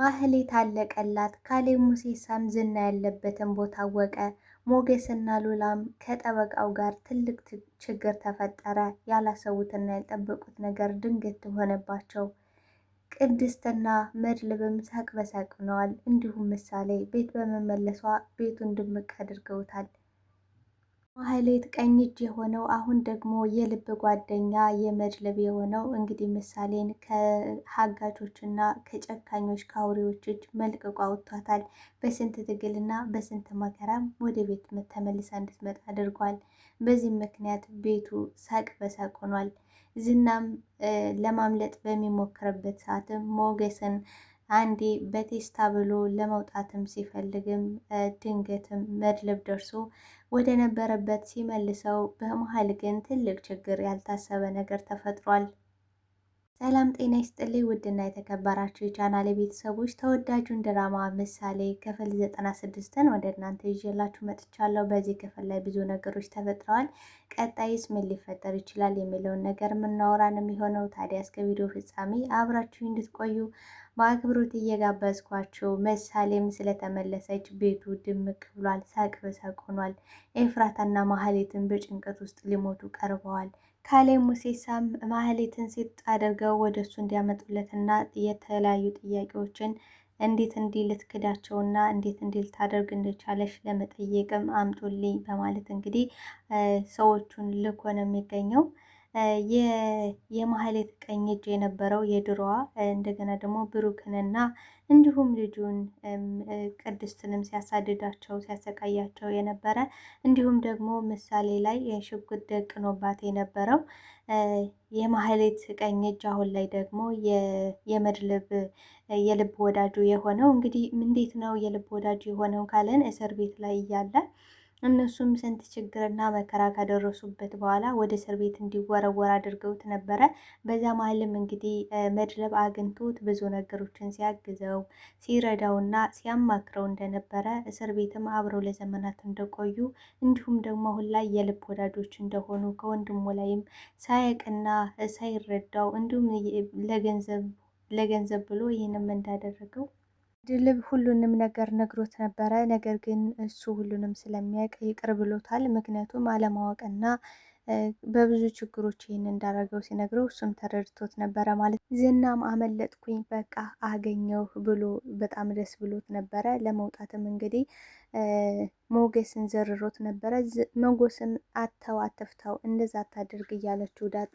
ማህሌት አለቀላት። ካሌብ ሙሴሳም ዝና ያለበትን ቦታ አወቀ። ሞገስና ሉላም ከጠበቃው ጋር ትልቅ ችግር ተፈጠረ። ያላሰቡትና ያልጠበቁት ነገር ድንገት ሆነባቸው። ቅድስትና መድልብም ሳቅ በሳቅ እንዲሁም ምሳሌ ቤት በመመለሷ ቤቱን ድምቅ አድርገውታል። ማህሌት ቀኝ እጅ የሆነው አሁን ደግሞ የልብ ጓደኛ የመድለብ የሆነው እንግዲህ ምሳሌን ከሀጋቾች እና ከጨካኞች ከአውሬዎች እጅ መልቅቆ አውጥቷታል። በስንት ትግል በስንት መከራም ወደ ቤት ተመልሳ እንድትመጣ አድርጓል። በዚህም ምክንያት ቤቱ ሳቅ በሳቅ ሆኗል። ዝናም ለማምለጥ በሚሞክርበት ሰዓትም ሞገስን አንዴ በቴስታ ብሎ ለመውጣትም ሲፈልግም ድንገትም መድልብ ደርሶ ወደ ነበረበት ሲመልሰው በመሀል ግን ትልቅ ችግር ያልታሰበ ነገር ተፈጥሯል። ሰላም ጤና ይስጥልኝ ውድና የተከበራችሁ የቻናል ቤተሰቦች ተወዳጁን ድራማ ምሳሌ ክፍል 96ን ወደ እናንተ ይዤላችሁ መጥቻለሁ። በዚህ ክፍል ላይ ብዙ ነገሮች ተፈጥረዋል። ቀጣይስ ምን ሊፈጠር ይችላል የሚለውን ነገር የምናወራን የሚሆነው ታዲያ እስከ ቪዲዮ ፍጻሜ አብራችሁ እንድትቆዩ በአክብሮት እየጋበዝኳቸው ምሳሌም ስለተመለሰች ቤቱ ድምቅ ብሏል። ሳቅ በሳቅ ሆኗል። ኤፍራታና ማህሌትን በጭንቀት ውስጥ ሊሞቱ ቀርበዋል። ካሌ ሙሴሳም ማህሌትን ሴት አድርገው ወደ እሱ እንዲያመጡለትና የተለያዩ ጥያቄዎችን እንዴት እንዲህ ልትክዳቸውና እንዴት እንዲል ልታደርግ እንደቻለች ለመጠየቅም አምጡልኝ በማለት እንግዲህ ሰዎቹን ልኮ ነው የሚገኘው። የማህሌት ቀኝ እጅ የነበረው የድሮዋ እንደገና ደግሞ ብሩክንና እንዲሁም ልጁን ቅድስትንም ሲያሳድዳቸው ሲያሰቃያቸው የነበረ እንዲሁም ደግሞ ምሳሌ ላይ ሽጉጥ ደቅኖባት የነበረው የማህሌት ቀኝ እጅ አሁን ላይ ደግሞ የመድልብ የልብ ወዳጁ የሆነው እንግዲህ እንዴት ነው የልብ ወዳጁ የሆነው ካለን እስር ቤት ላይ እያለ እነሱም ስንት ችግርና መከራ ካደረሱበት በኋላ ወደ እስር ቤት እንዲወረወር አድርገውት ነበረ። በዛ መሀልም እንግዲህ መድረብ አግኝቶት ብዙ ነገሮችን ሲያግዘው ሲረዳውና ሲያማክረው እንደነበረ እስር ቤትም አብረው ለዘመናት እንደቆዩ እንዲሁም ደግሞ አሁን ላይ የልብ ወዳጆች እንደሆኑ ከወንድሙ ላይም ሳያቅና ሳይረዳው እንዲሁም ለገንዘብ ብሎ ይህንም እንዳደረገው ድልብ ሁሉንም ነገር ነግሮት ነበረ። ነገር ግን እሱ ሁሉንም ስለሚያውቅ ይቅር ብሎታል። ምክንያቱም አለማወቅና በብዙ ችግሮች ይህን እንዳደረገው ሲነግረው እሱም ተረድቶት ነበረ ማለት ነው። ዝናም አመለጥኩኝ በቃ አገኘው ብሎ በጣም ደስ ብሎት ነበረ። ለመውጣትም እንግዲህ ሞገስን ዘርሮት ነበረ። ሞገስን አተው አተፍተው እንደዛ አታድርግ እያለችው ዳጣ፣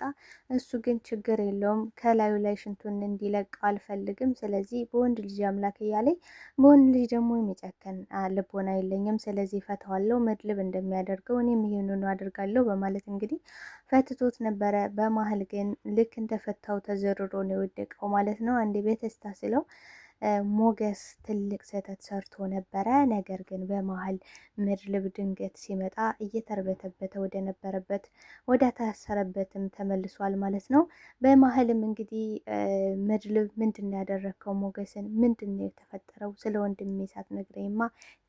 እሱ ግን ችግር የለውም ከላዩ ላይ ሽንቱን እንዲለቀው አልፈልግም፣ ስለዚህ በወንድ ልጅ አምላክ እያለኝ በወንድ ልጅ ደግሞ የሚጨከን ልቦና የለኝም፣ ስለዚህ ፈተዋለው መድልብ እንደሚያደርገው እኔም ይህንኑ አድርጋለሁ በማለት እንግዲህ ፈትቶት ነበረ። በመሀል ግን ልክ እንደፈታው ተዘርሮ ነው የወደቀው ማለት ነው። አንድ ቤተስታ ስለው ሞገስ ትልቅ ስህተት ሰርቶ ነበረ። ነገር ግን በመሀል ምድልብ ድንገት ሲመጣ እየተርበተበተ ወደ ነበረበት ወደ ታሰረበትም ተመልሷል ማለት ነው። በመሀልም እንግዲህ ምድልብ ምንድን ነው ያደረግከው? ሞገስን ምንድን ነው የተፈጠረው? ስለ ወንድሜ ሳትነግረኝማ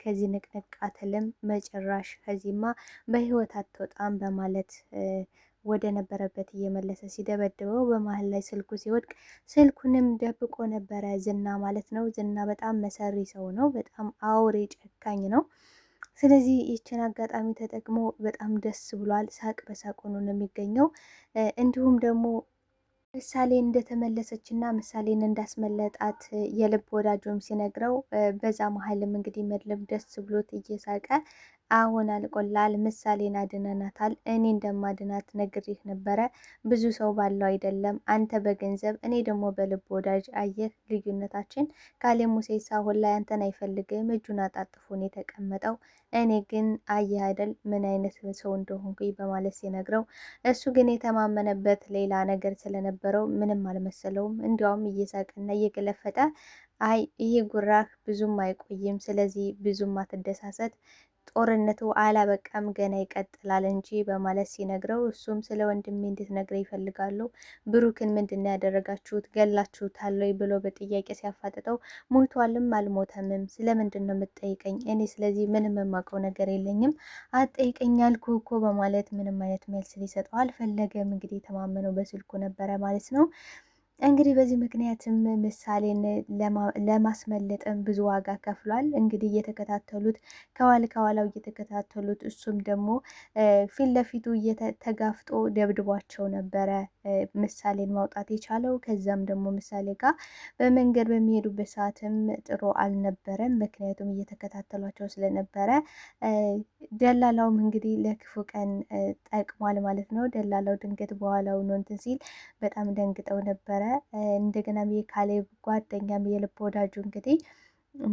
ከዚህ ንቅንቅ አትልም፣ መጨራሽ ከዚህማ በህይወት አትወጣም በማለት ወደ ነበረበት እየመለሰ ሲደበድበው በመሀል ላይ ስልኩ ሲወድቅ ስልኩንም ደብቆ ነበረ ዝና ማለት ነው። ዝና በጣም መሰሪ ሰው ነው። በጣም አውሬ ጨካኝ ነው። ስለዚህ ይችን አጋጣሚ ተጠቅሞ በጣም ደስ ብሏል። ሳቅ በሳቅ ሆኖ ነው የሚገኘው። እንዲሁም ደግሞ ምሳሌ እንደተመለሰች እና ምሳሌን እንዳስመለጣት የልብ ወዳጆም ሲነግረው በዛ መሀልም እንግዲህ መድለብ ደስ ብሎት እየሳቀ አሁን አልቆላል ምሳሌን አድነናታል። እኔ እንደማድናት ነግሬህ ነበረ። ብዙ ሰው ባለው አይደለም አንተ በገንዘብ እኔ ደግሞ በልብ ወዳጅ። አየህ ልዩነታችን። ካሌ ሙሴሳ አሁን ላይ አንተን አይፈልግም፣ እጁን አጣጥፎን የተቀመጠው። እኔ ግን አየህ አይደል ምን አይነት ሰው እንደሆንኩኝ በማለት ሲነግረው፣ እሱ ግን የተማመነበት ሌላ ነገር ስለነበረው ምንም አልመሰለውም። እንዲያውም እየሳቀና እየገለፈጠ አይ ይህ ጉራህ ብዙም አይቆይም፣ ስለዚህ ብዙም አትደሳሰት ጦርነቱ አላበቃም ገና ይቀጥላል እንጂ በማለት ሲነግረው እሱም ስለ ወንድሜ እንድትነግረ ይፈልጋሉ። ብሩክን ምንድን ያደረጋችሁት ገላችሁታል ወይ ብሎ በጥያቄ ሲያፋጥጠው ሞቷልም አልሞተምም ስለምንድን ነው የምትጠይቀኝ? እኔ ስለዚህ ምንም የማውቀው ነገር የለኝም አትጠይቀኝ አልኩ እኮ በማለት ምንም አይነት መልስ ሊሰጠው አልፈለገም። እንግዲህ የተማመነው በስልኩ ነበረ ማለት ነው። እንግዲህ በዚህ ምክንያትም ምሳሌን ለማስመለጥም ብዙ ዋጋ ከፍሏል። እንግዲህ እየተከታተሉት ከዋል ከኋላው እየተከታተሉት እሱም ደግሞ ፊት ለፊቱ ተጋፍጦ ደብድቧቸው ነበረ ምሳሌን ማውጣት የቻለው። ከዛም ደግሞ ምሳሌ ጋር በመንገድ በሚሄዱበት ሰዓትም ጥሩ አልነበረም፣ ምክንያቱም እየተከታተሏቸው ስለነበረ። ደላላውም እንግዲህ ለክፉ ቀን ጠቅሟል ማለት ነው። ደላላው ድንገት በኋላው ነው እንትን ሲል በጣም ደንግጠው ነበረ። እንደገናም የካሌብ ጓደኛም የልብ ወዳጁ እንግዲህ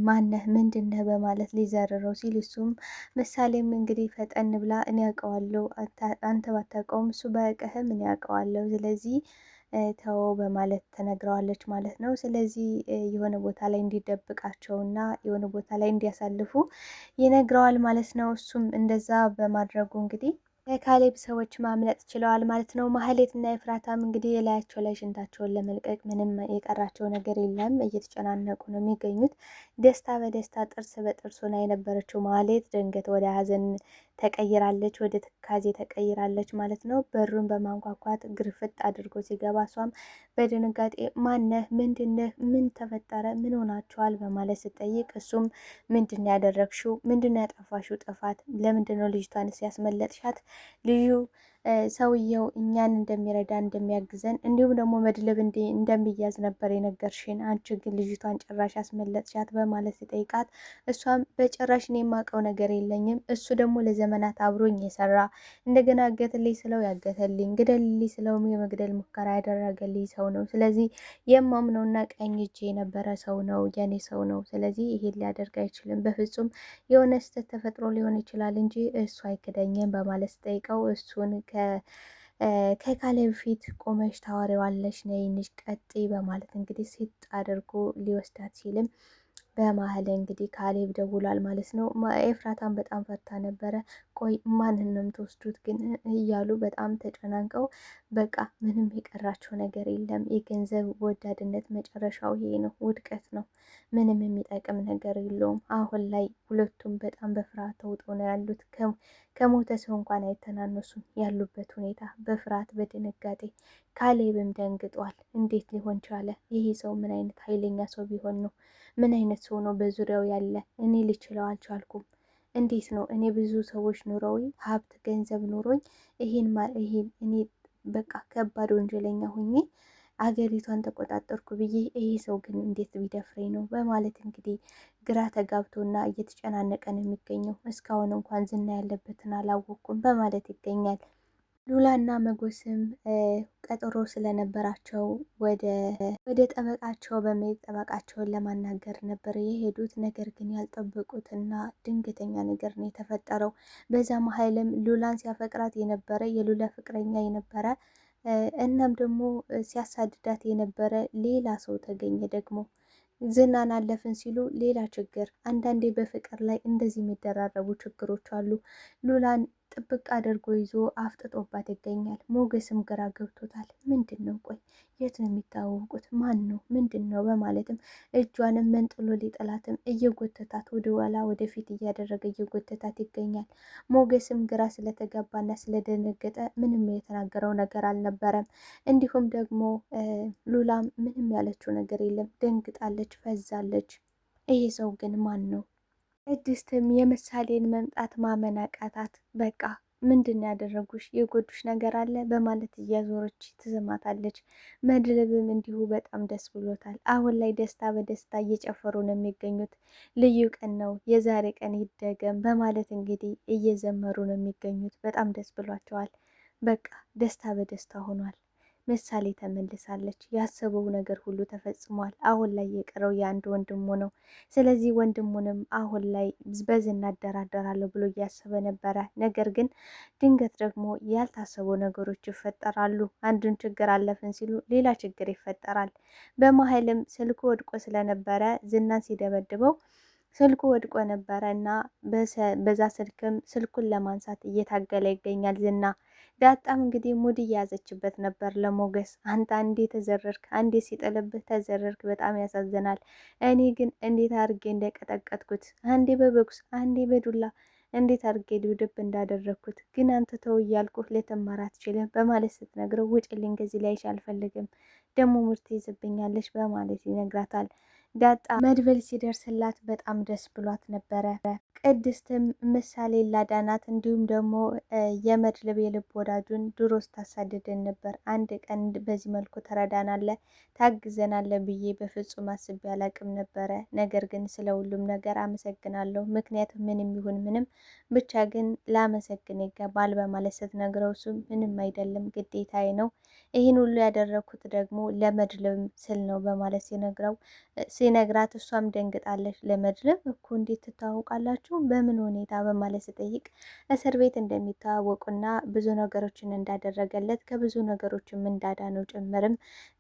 ማነህ ምንድነህ በማለት ሊዘርረው ሲል እሱም ምሳሌም እንግዲህ ፈጠን ብላ እኔ ያውቀዋለሁ አንተ ባታውቀውም እሱ በቀህም እኔ ያውቀዋለሁ ስለዚህ ተወው በማለት ተነግረዋለች ማለት ነው። ስለዚህ የሆነ ቦታ ላይ እንዲደብቃቸውና የሆነ ቦታ ላይ እንዲያሳልፉ ይነግረዋል ማለት ነው። እሱም እንደዛ በማድረጉ እንግዲህ ከካሌብ ሰዎች ማምለጥ ችለዋል ማለት ነው። ማህሌት እና ኤፍራታም እንግዲህ የላያቸው ላይ ሽንታቸውን ለመልቀቅ ምንም የቀራቸው ነገር የለም። እየተጨናነቁ ነው የሚገኙት። ደስታ በደስታ ጥርስ በጥርስ ሆና የነበረችው ማህሌት ድንገት ወደ ሀዘን ተቀይራለች፣ ወደ ትካዜ ተቀይራለች ማለት ነው። በሩን በማንኳኳት ግርፍት አድርጎ ሲገባ እሷም በድንጋጤ ማነህ? ምንድነህ? ምን ተፈጠረ? ምን ሆናችኋል? በማለት ስጠይቅ እሱም ምንድን ያደረግሽው? ምንድን ያጠፋሽው ጥፋት? ለምንድነው ልጅቷን ያስመለጥሻት? ልዩ ሰውየው እኛን እንደሚረዳ እንደሚያግዘን፣ እንዲሁም ደግሞ መድልብ እንደሚያዝ ነበር የነገርሽን። አንቺ ግን ልጅቷን ጭራሽ አስመለጥሻት በማለት ሲጠይቃት እሷም በጭራሽ እኔ የማውቀው ነገር የለኝም፣ እሱ ደግሞ ለዘመናት አብሮኝ የሰራ እንደገና እገትልኝ ስለው ያገተልኝ፣ ግደልልኝ ስለው የመግደል ሙከራ ያደረገልኝ ሰው ነው። ስለዚህ የማምነውና ቀኝ እጄ የነበረ ሰው ነው፣ የኔ ሰው ነው። ስለዚህ ይሄን ሊያደርግ አይችልም፣ በፍጹም የሆነ ስህተት ተፈጥሮ ሊሆን ይችላል እንጂ እሱ አይክደኝም በማለት ስጠይቀው እሱን ከካሌብ ፊት ቆመሽ ታወሪዋለሽ፣ ነይንሽ ቀጥ በማለት እንግዲህ ሴት አድርጎ ሊወስዳት ሲልም በማህል እንግዲህ ካሌብ ደውሏል ማለት ነው። ኤፍራታን በጣም ፈርታ ነበረ። ቆይ ማንን ነው የምትወስዱት ግን እያሉ በጣም ተጨናንቀው በቃ ምንም የቀራቸው ነገር የለም። የገንዘብ ወዳድነት መጨረሻው ይሄ ነው፣ ውድቀት ነው። ምንም የሚጠቅም ነገር የለውም። አሁን ላይ ሁለቱም በጣም በፍርሃት ተውጠው ነው ያሉት። ከሞተ ሰው እንኳን አይተናነሱም። ያሉበት ሁኔታ በፍርሃት በድንጋጤ ካሌብም ደንግጧል። እንዴት ሊሆን ቻለ? ይህ ሰው ምን አይነት ኃይለኛ ሰው ቢሆን ነው? ምን አይነት ሰው ነው በዙሪያው ያለ? እኔ ልችለው አልቻልኩም። እንዴት ነው እኔ ብዙ ሰዎች ኑረውኝ ሀብት ገንዘብ ኑሮኝ ይሄን ይሄን እኔ በቃ ከባድ ወንጀለኛ ሆኜ አገሪቷን ተቆጣጠርኩ ብዬ ይሄ ሰው ግን እንዴት ቢደፍረኝ ነው በማለት እንግዲህ ግራ ተጋብቶና እየተጨናነቀ ነው የሚገኘው። እስካሁን እንኳን ዝና ያለበትን አላወቅኩም በማለት ይገኛል። ሉላና መጎስም ቀጠሮ ስለነበራቸው ወደ ጠበቃቸው በመሄድ ጠበቃቸውን ለማናገር ነበር የሄዱት። ነገር ግን ያልጠበቁትና ድንገተኛ ነገር ነው የተፈጠረው። በዛ መሀልም ሉላን ሲያፈቅራት የነበረ የሉላ ፍቅረኛ የነበረ እናም ደግሞ ሲያሳድዳት የነበረ ሌላ ሰው ተገኘ። ደግሞ ዝናን አለፍን ሲሉ ሌላ ችግር። አንዳንዴ በፍቅር ላይ እንደዚህ የሚደራረቡ ችግሮች አሉ ሉላን ጥብቅ አድርጎ ይዞ አፍጥጦባት ይገኛል። ሞገስም ግራ ገብቶታል። ምንድን ነው ቆይ የት ነው የሚታወቁት? ማን ነው ምንድን ነው በማለትም እጇንም መንጥሎ ሊጠላትም እየጎተታት ወደ ኋላ ወደፊት እያደረገ እየጎተታት ይገኛል። ሞገስም ግራ ስለተጋባና ስለደነገጠ ምንም የተናገረው ነገር አልነበረም። እንዲሁም ደግሞ ሉላም ምንም ያለችው ነገር የለም። ደንግጣለች፣ ፈዛለች። ይሄ ሰው ግን ማን ነው? ቅድስትም የምሳሌን መምጣት ማመን አቃታት። በቃ ምንድን ያደረጉሽ? የጎዱሽ ነገር አለ በማለት እያዞረች ትዘማታለች መድልብም እንዲሁ በጣም ደስ ብሎታል። አሁን ላይ ደስታ በደስታ እየጨፈሩ ነው የሚገኙት። ልዩ ቀን ነው፣ የዛሬ ቀን ይደገም በማለት እንግዲህ እየዘመሩ ነው የሚገኙት። በጣም ደስ ብሏቸዋል። በቃ ደስታ በደስታ ሆኗል። ምሳሌ ተመልሳለች። ያሰበው ነገር ሁሉ ተፈጽሟል። አሁን ላይ የቀረው የአንድ ወንድሙ ነው። ስለዚህ ወንድሙንም አሁን ላይ በዝና እናደራደራለሁ ብሎ እያሰበ ነበረ። ነገር ግን ድንገት ደግሞ ያልታሰበው ነገሮች ይፈጠራሉ። አንዱን ችግር አለፍን ሲሉ ሌላ ችግር ይፈጠራል። በመሀልም ስልኩ ወድቆ ስለነበረ ዝናን ሲደበድበው ስልኩ ወድቆ ነበረ እና በዛ ስልክም ስልኩን ለማንሳት እየታገለ ይገኛል ዝና። ዳጣም እንግዲህ ሙድ እየያዘችበት ነበር ለሞገስ። አንተ አንዴ ተዘረርክ፣ አንዴ ሲጥልብህ ተዘረርክ፣ በጣም ያሳዝናል። እኔ ግን እንዴት አድርጌ እንደቀጠቀጥኩት አንዴ በበጉስ አንዴ በዱላ እንዴት አድርጌ ድብድብ እንዳደረግኩት ግን አንተ ተው እያልኩ ልትማር አትችልም በማለት ስትነግረው ውጭልኝ፣ ከዚህ ላይሽ አልፈልግም፣ ደግሞ ምርት ይዝብኛለሽ በማለት ይነግራታል። ዳጣ መድብል ሲደርስላት በጣም ደስ ብሏት ነበረ። ቅድስትም ምሳሌ ላዳናት እንዲሁም ደግሞ የመድብል የልብ ወዳጁን ድሮ ስታሳድደን ነበር። አንድ ቀን በዚህ መልኩ ተረዳናለ ታግዘናለ ብዬ በፍጹም አስቤ አላቅም ነበረ። ነገር ግን ስለ ሁሉም ነገር አመሰግናለሁ። ምክንያት ምንም ይሁን ምንም ብቻ ግን ላመሰግን ይገባል በማለት ስትነግረው እሱ ምንም አይደለም ግዴታዬ ነው፣ ይህን ሁሉ ያደረግኩት ደግሞ ለመድብል ስል ነው በማለት ሲነግረው ሲነግራት እሷም ደንግጣለች። ለመድረም እኮ እንዴት ትተዋወቃላችሁ? በምን ሁኔታ በማለት ስጠይቅ እስር ቤት እንደሚተዋወቁና ብዙ ነገሮችን እንዳደረገለት ከብዙ ነገሮችም እንዳዳነው ጭምርም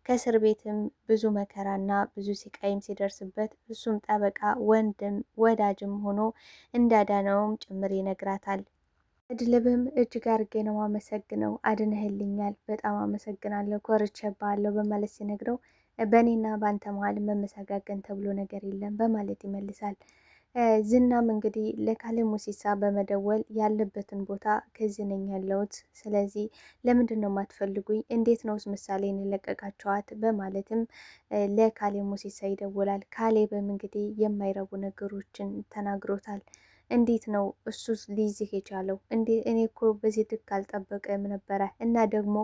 ከእስር ቤትም ብዙ መከራና ብዙ ሲቃይም ሲደርስበት እሱም ጠበቃ ወንድም ወዳጅም ሆኖ እንዳዳነውም ጭምር ይነግራታል። እድልብም እጅግ አድርጌ ነው አመሰግነው፣ አድነህልኛል፣ በጣም አመሰግናለሁ፣ ኮርቼባለሁ በማለት ሲነግረው በእኔና በአንተ መሀል መመሰጋገን ተብሎ ነገር የለም በማለት ይመልሳል። ዝናም እንግዲህ ለካሌ ሙሲሳ በመደወል ያለበትን ቦታ ከዚህ ነኝ ያለሁት፣ ስለዚህ ለምንድን ነው የማትፈልጉኝ? እንዴት ነውስ ምሳሌ እንለቀቃቸዋት? በማለትም ለካሌ ሙሲሳ ይደውላል። ካሌብም እንግዲህ የማይረቡ ነገሮችን ተናግሮታል። እንዴት ነው እሱስ ሊይዝህ የቻለው? እኔ እኮ በዚህ ልክ አልጠበቀም ነበረ። እና ደግሞ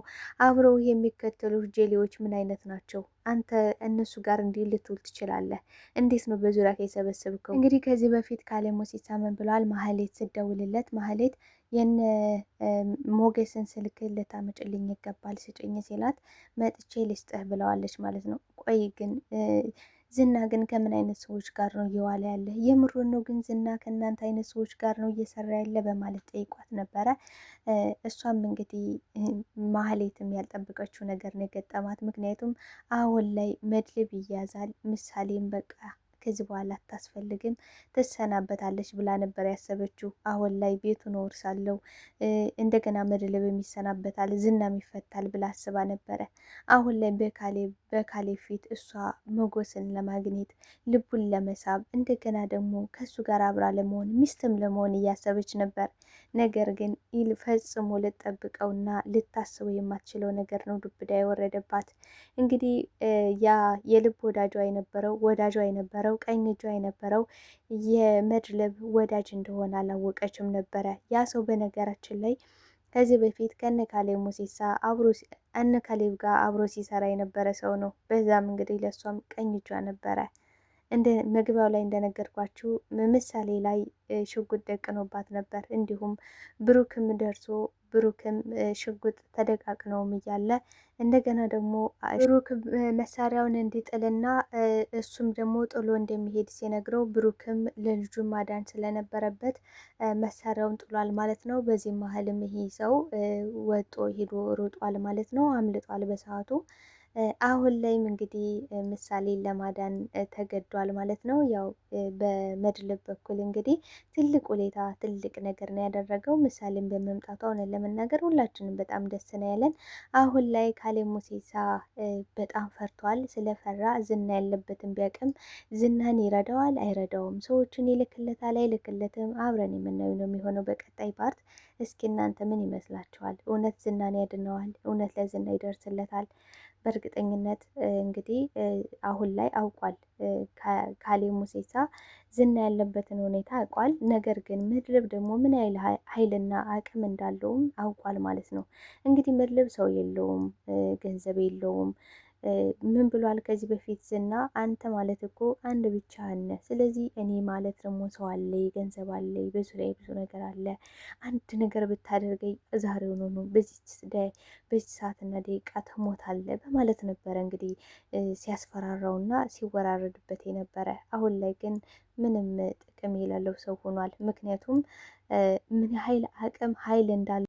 አብረው የሚከተሉ ጄሌዎች ምን አይነት ናቸው? አንተ እነሱ ጋር እንዲህ ልትውል ትችላለህ? እንዴት ነው በዙሪያ የሰበሰብከው? እንግዲህ ከዚህ በፊት ካሌሞ ሲሳመን ብለዋል። ማህሌት ስደውልለት ማህሌት የነ ሞገስን ስልክ ልታመጭልኝ ይገባል ስጭኝ ሲላት መጥቼ ልስጥህ ብለዋለች ማለት ነው። ቆይ ግን ዝና ግን ከምን አይነት ሰዎች ጋር ነው እየዋለ ያለ? የምሮን ነው ግን ዝና ከእናንተ አይነት ሰዎች ጋር ነው እየሰራ ያለ በማለት ጠይቋት ነበረ። እሷም እንግዲህ ማህሌትም ያልጠበቀችው ነገር ነው የገጠማት። ምክንያቱም አሁን ላይ መድልብ ይያዛል፣ ምሳሌም በቃ ከዚህ በኋላ አታስፈልግም ትሰናበታለች ብላ ነበር ያሰበችው። አሁን ላይ ቤቱን ወርሳለው እንደገና መድለብ የሚሰናበታል ዝናም ይፈታል ብላ አስባ ነበረ። አሁን ላይ በካሌ ፊት እሷ መጎስን ለማግኘት ልቡን ለመሳብ እንደገና ደግሞ ከእሱ ጋር አብራ ለመሆን ሚስትም ለመሆን እያሰበች ነበር። ነገር ግን ፈጽሞ ልጠብቀውና ልታስበው የማትችለው ነገር ነው ዱብዳ የወረደባት። እንግዲህ ያ የልብ ወዳጇ የነበረው ወዳጇ የነበረው የነበረው ቀኝ እጇ የነበረው የመድለብ ወዳጅ እንደሆነ አላወቀችም ነበረ። ያ ሰው በነገራችን ላይ ከዚህ በፊት ከነካሌብ ሙሴሳ አብሮ እነ ካሌብ ጋር አብሮ ሲሰራ የነበረ ሰው ነው። በዛም እንግዲህ ለእሷም ቀኝ እጇ ነበረ። እንደ መግቢያው ላይ እንደነገርኳችሁ ምሳሌ ላይ ሽጉጥ ደቅኖባት ነበር። እንዲሁም ብሩክም ደርሶ ብሩክም ሽጉጥ ተደቃቅነውም እያለ እንደገና ደግሞ ብሩክ መሳሪያውን እንዲጥልና እሱም ደግሞ ጥሎ እንደሚሄድ ሲነግረው ብሩክም ለልጁ ማዳን ስለነበረበት መሳሪያውን ጥሏል ማለት ነው። በዚህ መሀልም ይሄ ሰው ወጦ ሄዶ ሮጧል ማለት ነው። አምልጧል በሰዓቱ አሁን ላይም እንግዲህ ምሳሌን ለማዳን ተገዷል ማለት ነው። ያው በመድልብ በኩል እንግዲህ ትልቅ ውለታ ትልቅ ነገር ነው ያደረገው። ምሳሌን በመምጣቷ እውነት ለመናገር ሁላችንም በጣም ደስ ነው ያለን። አሁን ላይ ካሌብ ሙሴሳ በጣም ፈርቷል። ስለፈራ ዝና ያለበትን ቢያቅም ዝናን ይረዳዋል አይረዳውም፣ ሰዎችን ይልክለታል አይልክለትም፣ አብረን የምናየው ነው የሚሆነው በቀጣይ ፓርት። እስኪ እናንተ ምን ይመስላችኋል? እውነት ዝናን ያድነዋል? እውነት ለዝና ይደርስለታል? በእርግጠኝነት እንግዲህ አሁን ላይ አውቋል። ካሌ ሙሴሳ ዝና ያለበትን ሁኔታ አውቋል። ነገር ግን መድረብ ደግሞ ምን ያህል ኃይልና አቅም እንዳለውም አውቋል ማለት ነው። እንግዲህ ምድልብ ሰው የለውም፣ ገንዘብ የለውም። ምን ብሏል ከዚህ በፊት ዝና አንተ ማለት እኮ አንድ ብቻ አለ። ስለዚህ እኔ ማለት ደግሞ ሰው አለ፣ ገንዘብ አለ፣ በዙ ላይ ብዙ ነገር አለ። አንድ ነገር ብታደርገኝ ዛሬው ነው በዚህ ሰዓትና ደቂቃ ትሞታለህ በማለት ነበረ እንግዲህ ሲያስፈራራውና ሲወራረድበት የነበረ። አሁን ላይ ግን ምንም ጥቅም የሌለው ሰው ሆኗል። ምክንያቱም ምን ኃይል አቅም ኃይል እንዳለ